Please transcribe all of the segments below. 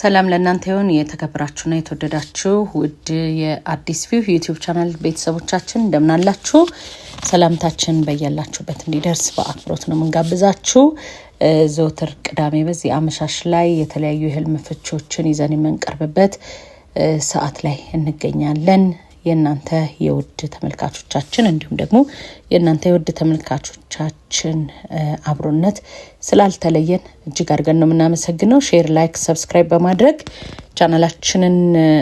ሰላም ለእናንተ ይሁን። የተከበራችሁና የተወደዳችሁ ውድ የአዲስ ቪው ዩቲዩብ ቻናል ቤተሰቦቻችን እንደምናላችሁ፣ ሰላምታችን በያላችሁበት እንዲደርስ በአክብሮት ነው የምንጋብዛችሁ። ዘወትር ቅዳሜ በዚህ አመሻሽ ላይ የተለያዩ የህልም ፍቾችን ይዘን የምንቀርብበት ሰዓት ላይ እንገኛለን። የእናንተ የውድ ተመልካቾቻችን እንዲሁም ደግሞ የእናንተ የውድ ተመልካቾቻችን አብሮነት ስላልተለየን እጅግ አድርገን ነው የምናመሰግነው። ሼር፣ ላይክ፣ ሰብስክራይብ በማድረግ ቻናላችንን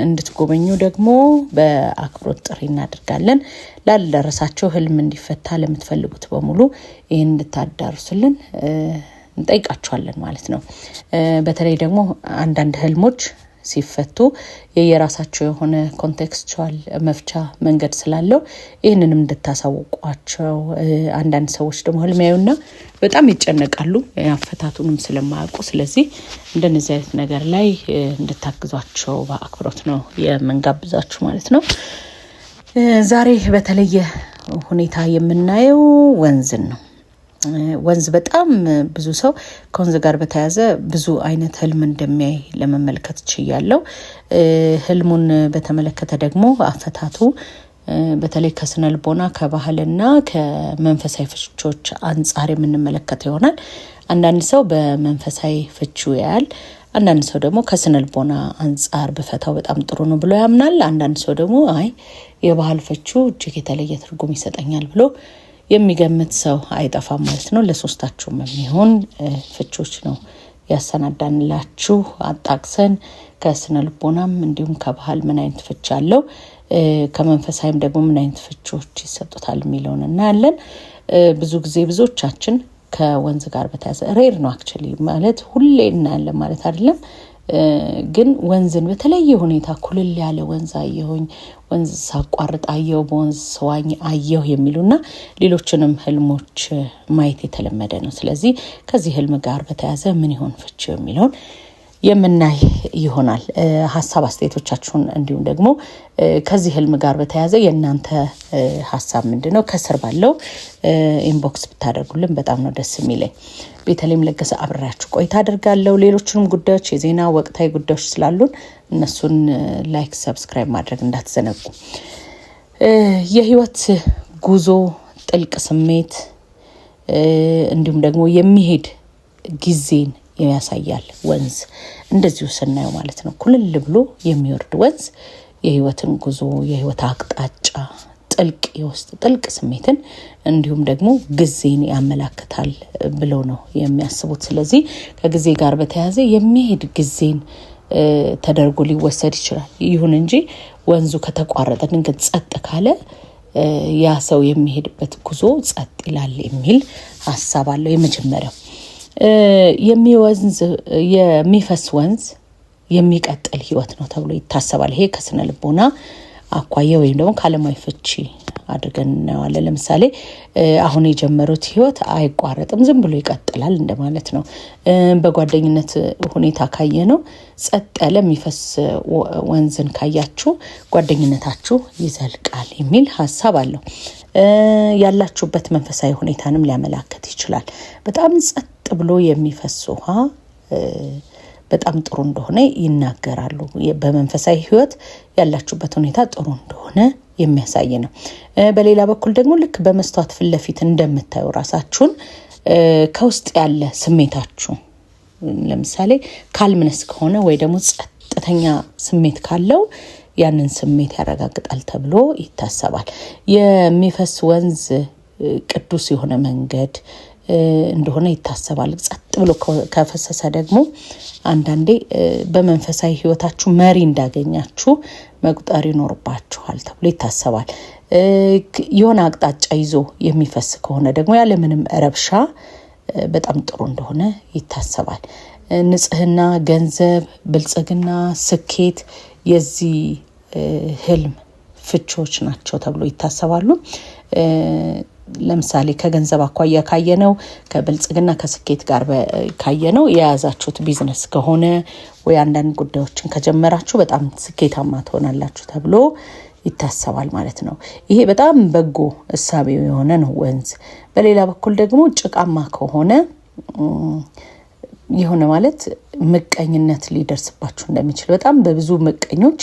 እንድትጎበኙ ደግሞ በአክብሮት ጥሪ እናደርጋለን። ላልደረሳቸው ህልም እንዲፈታ ለምትፈልጉት በሙሉ ይህን እንድታዳርሱልን እንጠይቃችኋለን ማለት ነው። በተለይ ደግሞ አንዳንድ ህልሞች ሲፈቱ የየራሳቸው የሆነ ኮንቴክስቹዋል መፍቻ መንገድ ስላለው ይህንንም እንድታሳውቋቸው። አንዳንድ ሰዎች ደግሞ ህልሚያዩና በጣም ይጨነቃሉ አፈታቱንም ስለማያውቁ። ስለዚህ እንደነዚህ አይነት ነገር ላይ እንድታግዟቸው በአክብሮት ነው የምንጋብዛችሁ ማለት ነው። ዛሬ በተለየ ሁኔታ የምናየው ወንዝን ነው። ወንዝ በጣም ብዙ ሰው ከወንዝ ጋር በተያያዘ ብዙ አይነት ህልም እንደሚያይ ለመመልከት ችያለው። ህልሙን በተመለከተ ደግሞ አፈታቱ በተለይ ከስነ ልቦና ከባህልና ከመንፈሳዊ ፍቾች አንጻር የምንመለከተው ይሆናል። አንዳንድ ሰው በመንፈሳዊ ፍቹ ያያል። አንዳንድ ሰው ደግሞ ከስነ ልቦና አንጻር ብፈታው በጣም ጥሩ ነው ብሎ ያምናል። አንዳንድ ሰው ደግሞ አይ የባህል ፍቹ እጅግ የተለየ ትርጉም ይሰጠኛል ብሎ የሚገምት ሰው አይጠፋም ማለት ነው። ለሶስታችሁም የሚሆን ፍቾች ነው ያሰናዳንላችሁ አጣቅሰን ከስነ ልቦናም እንዲሁም ከባህል ምን አይነት ፍች አለው ከመንፈሳዊም ደግሞ ምን አይነት ፍቾች ይሰጡታል የሚለውን እናያለን። ብዙ ጊዜ ብዙዎቻችን ከወንዝ ጋር በተያዘ ሬር ነው አክቹዋሊ ማለት ሁሌ እናያለን ማለት አይደለም። ግን ወንዝን በተለየ ሁኔታ ኩልል ያለ ወንዝ አየሁኝ፣ ወንዝ ሳቋርጥ አየሁ፣ በወንዝ ስዋኝ አየሁ የሚሉና ሌሎችንም ህልሞች ማየት የተለመደ ነው። ስለዚህ ከዚህ ህልም ጋር በተያያዘ ምን ይሆን ፍቺው የሚለውን የምናይ ይሆናል። ሀሳብ አስተያየቶቻችሁን፣ እንዲሁም ደግሞ ከዚህ ህልም ጋር በተያያዘ የእናንተ ሀሳብ ምንድን ነው? ከስር ባለው ኢንቦክስ ብታደርጉልን በጣም ነው ደስ የሚለኝ። ቤተልሔም ለገሰ አብሬያችሁ ቆይታ አድርጋለሁ። ሌሎችንም ጉዳዮች የዜና ወቅታዊ ጉዳዮች ስላሉን እነሱን ላይክ፣ ሰብስክራይብ ማድረግ እንዳትዘነጉ። የህይወት ጉዞ ጥልቅ ስሜት እንዲሁም ደግሞ የሚሄድ ጊዜን ያሳያል። ወንዝ እንደዚሁ ስናየው ማለት ነው። ኩልል ብሎ የሚወርድ ወንዝ የህይወትን ጉዞ፣ የህይወት አቅጣጫ፣ ጥልቅ የውስጥ ጥልቅ ስሜትን እንዲሁም ደግሞ ጊዜን ያመላክታል ብለው ነው የሚያስቡት። ስለዚህ ከጊዜ ጋር በተያያዘ የሚሄድ ጊዜን ተደርጎ ሊወሰድ ይችላል። ይሁን እንጂ ወንዙ ከተቋረጠ ድንገት ጸጥ ካለ ያ ሰው የሚሄድበት ጉዞ ጸጥ ይላል የሚል ሀሳብ አለው የመጀመሪያው የሚወንዝ የሚፈስ ወንዝ የሚቀጥል ህይወት ነው ተብሎ ይታሰባል። ይሄ ከስነ ልቦና አኳየ ወይም ደግሞ ከአለማዊ ፍቺ አድርገን እናየዋለን። ለምሳሌ አሁን የጀመሩት ህይወት አይቋረጥም፣ ዝም ብሎ ይቀጥላል እንደማለት ነው። በጓደኝነት ሁኔታ ካየ ነው ጸጥ ያለ የሚፈስ ወንዝን ካያችሁ ጓደኝነታችሁ ይዘልቃል የሚል ሀሳብ አለው። ያላችሁበት መንፈሳዊ ሁኔታንም ሊያመላክት ይችላል። በጣም ጸጥ ቀጥ ብሎ የሚፈስ ውሃ በጣም ጥሩ እንደሆነ ይናገራሉ። በመንፈሳዊ ህይወት ያላችሁበት ሁኔታ ጥሩ እንደሆነ የሚያሳይ ነው። በሌላ በኩል ደግሞ ልክ በመስታወት ፊት ለፊት እንደምታዩ ራሳችሁን ከውስጥ ያለ ስሜታችሁ ለምሳሌ ካልምነስ ከሆነ ወይ ደግሞ ጸጥተኛ ስሜት ካለው ያንን ስሜት ያረጋግጣል ተብሎ ይታሰባል። የሚፈስ ወንዝ ቅዱስ የሆነ መንገድ እንደሆነ ይታሰባል። ጸጥ ብሎ ከፈሰሰ ደግሞ አንዳንዴ በመንፈሳዊ ህይወታችሁ መሪ እንዳገኛችሁ መቁጠር ይኖርባችኋል ተብሎ ይታሰባል። የሆነ አቅጣጫ ይዞ የሚፈስ ከሆነ ደግሞ ያለምንም ረብሻ በጣም ጥሩ እንደሆነ ይታሰባል። ንጽህና፣ ገንዘብ፣ ብልጽግና፣ ስኬት የዚህ ህልም ፍቾች ናቸው ተብሎ ይታሰባሉ። ለምሳሌ ከገንዘብ አኳያ ነው፣ ከብልጽግና ከስኬት ጋር ነው፣ የያዛችሁት ቢዝነስ ከሆነ ወይ አንዳንድ ጉዳዮችን ከጀመራችሁ በጣም ስኬታማ ትሆናላችሁ ተብሎ ይታሰባል ማለት ነው። ይሄ በጣም በጎ እሳቤ የሆነ ነው ወንዝ። በሌላ በኩል ደግሞ ጭቃማ ከሆነ የሆነ ማለት ምቀኝነት ሊደርስባችሁ እንደሚችል በጣም በብዙ ምቀኞች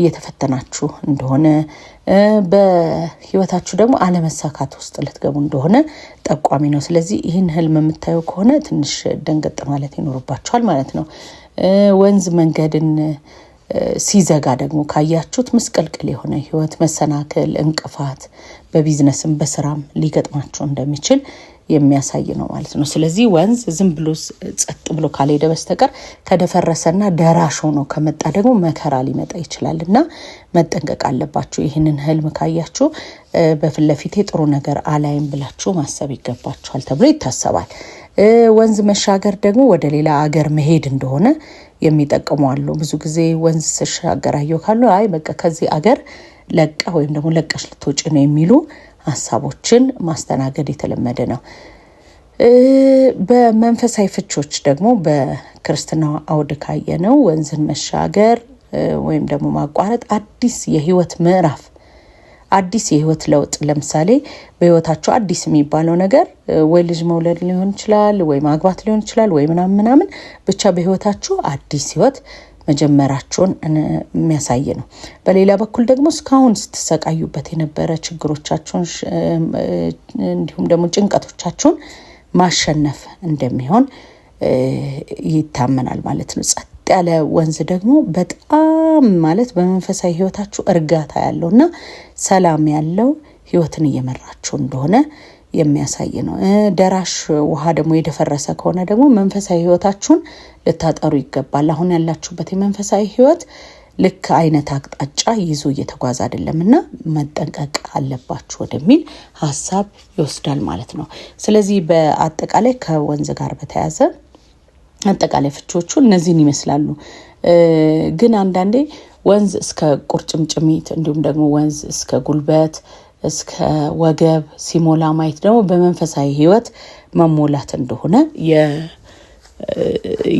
እየተፈተናችሁ እንደሆነ በህይወታችሁ ደግሞ አለመሳካት ውስጥ ልትገቡ እንደሆነ ጠቋሚ ነው። ስለዚህ ይህን ህልም የምታየው ከሆነ ትንሽ ደንገጥ ማለት ይኖርባችኋል ማለት ነው። ወንዝ መንገድን ሲዘጋ ደግሞ ካያችሁት ምስቅልቅል የሆነ ህይወት፣ መሰናክል፣ እንቅፋት በቢዝነስም በስራም ሊገጥማችሁ እንደሚችል የሚያሳይ ነው ማለት ነው። ስለዚህ ወንዝ ዝም ብሎ ጸጥ ብሎ ካልሄደ በስተቀር ከደፈረሰና ደራሽ ሆኖ ከመጣ ደግሞ መከራ ሊመጣ ይችላል እና መጠንቀቅ አለባችሁ። ይህንን ህልም ካያችሁ በፊት ለፊቴ ጥሩ ነገር አላይም ብላችሁ ማሰብ ይገባችኋል ተብሎ ይታሰባል። ወንዝ መሻገር ደግሞ ወደ ሌላ አገር መሄድ እንደሆነ የሚጠቅሙ አሉ። ብዙ ጊዜ ወንዝ ስሻገር አየሁ ካሉ አይ በቃ ከዚህ አገር ለቃ ወይም ደግሞ ለቀሽ ልትወጪ ነው የሚሉ ሀሳቦችን ማስተናገድ የተለመደ ነው። በመንፈሳዊ ፍቾች ደግሞ በክርስትና አውድ ካየነው ወንዝን መሻገር ወይም ደግሞ ማቋረጥ አዲስ የህይወት ምዕራፍ አዲስ የህይወት ለውጥ ለምሳሌ በህይወታቸው አዲስ የሚባለው ነገር ወይ ልጅ መውለድ ሊሆን ይችላል፣ ወይ ማግባት ሊሆን ይችላል፣ ወይ ምናምን ምናምን ብቻ በህይወታቸው አዲስ ህይወት መጀመራቸውን የሚያሳይ ነው። በሌላ በኩል ደግሞ እስካሁን ስትሰቃዩበት የነበረ ችግሮቻቸውን እንዲሁም ደግሞ ጭንቀቶቻቸውን ማሸነፍ እንደሚሆን ይታመናል ማለት ነው። ጸጥ ያለ ወንዝ ደግሞ በጣም ማለት በመንፈሳዊ ሕይወታችሁ እርጋታ ያለው እና ሰላም ያለው ህይወትን እየመራችሁ እንደሆነ የሚያሳይ ነው። ደራሽ ውሃ ደግሞ የደፈረሰ ከሆነ ደግሞ መንፈሳዊ ህይወታችሁን ልታጠሩ ይገባል። አሁን ያላችሁበት የመንፈሳዊ ህይወት ልክ አይነት አቅጣጫ ይዞ እየተጓዘ አይደለም እና መጠንቀቅ አለባችሁ ወደሚል ሀሳብ ይወስዳል ማለት ነው። ስለዚህ በአጠቃላይ ከወንዝ ጋር በተያያዘ አጠቃላይ ፍቾቹ እነዚህን ይመስላሉ። ግን አንዳንዴ ወንዝ እስከ ቁርጭምጭሚት እንዲሁም ደግሞ ወንዝ እስከ ጉልበት እስከ ወገብ ሲሞላ ማየት ደግሞ በመንፈሳዊ ህይወት መሞላት እንደሆነ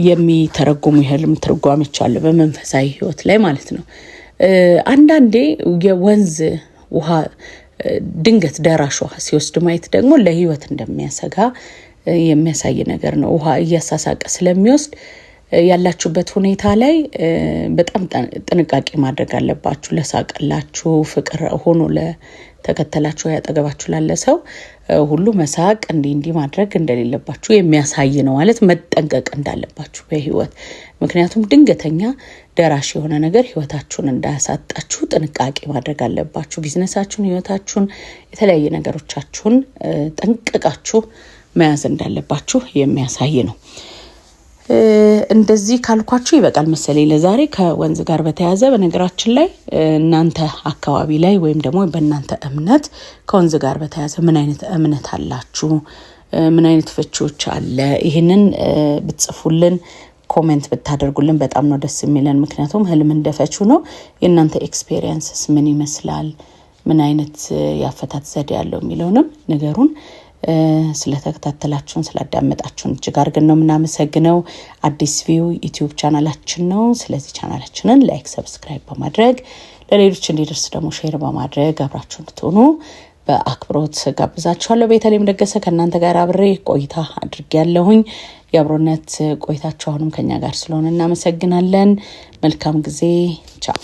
የሚተረጉሙ የህልም ትርጓሜዎች አሉ። በመንፈሳዊ ህይወት ላይ ማለት ነው። አንዳንዴ የወንዝ ውሃ ድንገት ደራሽ ውሃ ሲወስድ ማየት ደግሞ ለህይወት እንደሚያሰጋ የሚያሳይ ነገር ነው። ውሃ እያሳሳቀ ስለሚወስድ ያላችሁበት ሁኔታ ላይ በጣም ጥንቃቄ ማድረግ አለባችሁ። ለሳቀላችሁ ፍቅር ሆኖ ተከተላችሁ ያጠገባችሁ ላለ ሰው ሁሉ መሳቅ እንዲ እንዲ ማድረግ እንደሌለባችሁ የሚያሳይ ነው ማለት መጠንቀቅ እንዳለባችሁ በህይወት ምክንያቱም ድንገተኛ ደራሽ የሆነ ነገር ህይወታችሁን እንዳያሳጣችሁ ጥንቃቄ ማድረግ አለባችሁ። ቢዝነሳችሁን፣ ህይወታችሁን፣ የተለያየ ነገሮቻችሁን ጠንቅቃችሁ መያዝ እንዳለባችሁ የሚያሳይ ነው። እንደዚህ ካልኳችሁ ይበቃል መሰለኝ ለዛሬ ከወንዝ ጋር በተያያዘ። በነገራችን ላይ እናንተ አካባቢ ላይ ወይም ደግሞ በእናንተ እምነት ከወንዝ ጋር በተያያዘ ምን አይነት እምነት አላችሁ? ምን አይነት ፍቺዎች አለ? ይህንን ብትጽፉልን ኮሜንት ብታደርጉልን በጣም ነው ደስ የሚለን። ምክንያቱም ህልም እንደፈቹ ነው። የእናንተ ኤክስፔሪየንስስ ምን ይመስላል? ምን አይነት የአፈታት ዘዴ ያለው የሚለውንም ነገሩን ስለተከታተላችሁን ስላዳመጣችሁን እጅግ አድርገን ነው የምናመሰግነው። አዲስ ቪው ዩቲዩብ ቻናላችን ነው። ስለዚህ ቻናላችንን ላይክ፣ ሰብስክራይብ በማድረግ ለሌሎች እንዲደርስ ደግሞ ሼር በማድረግ አብራችሁ እንድትሆኑ በአክብሮት ጋብዛችኋለሁ። ቤተልሔም ደገሰ ከእናንተ ጋር አብሬ ቆይታ ያለሁኝ የአብሮነት ቆይታችሁ አሁንም ከኛ ጋር ስለሆነ እናመሰግናለን። መልካም ጊዜ። ቻው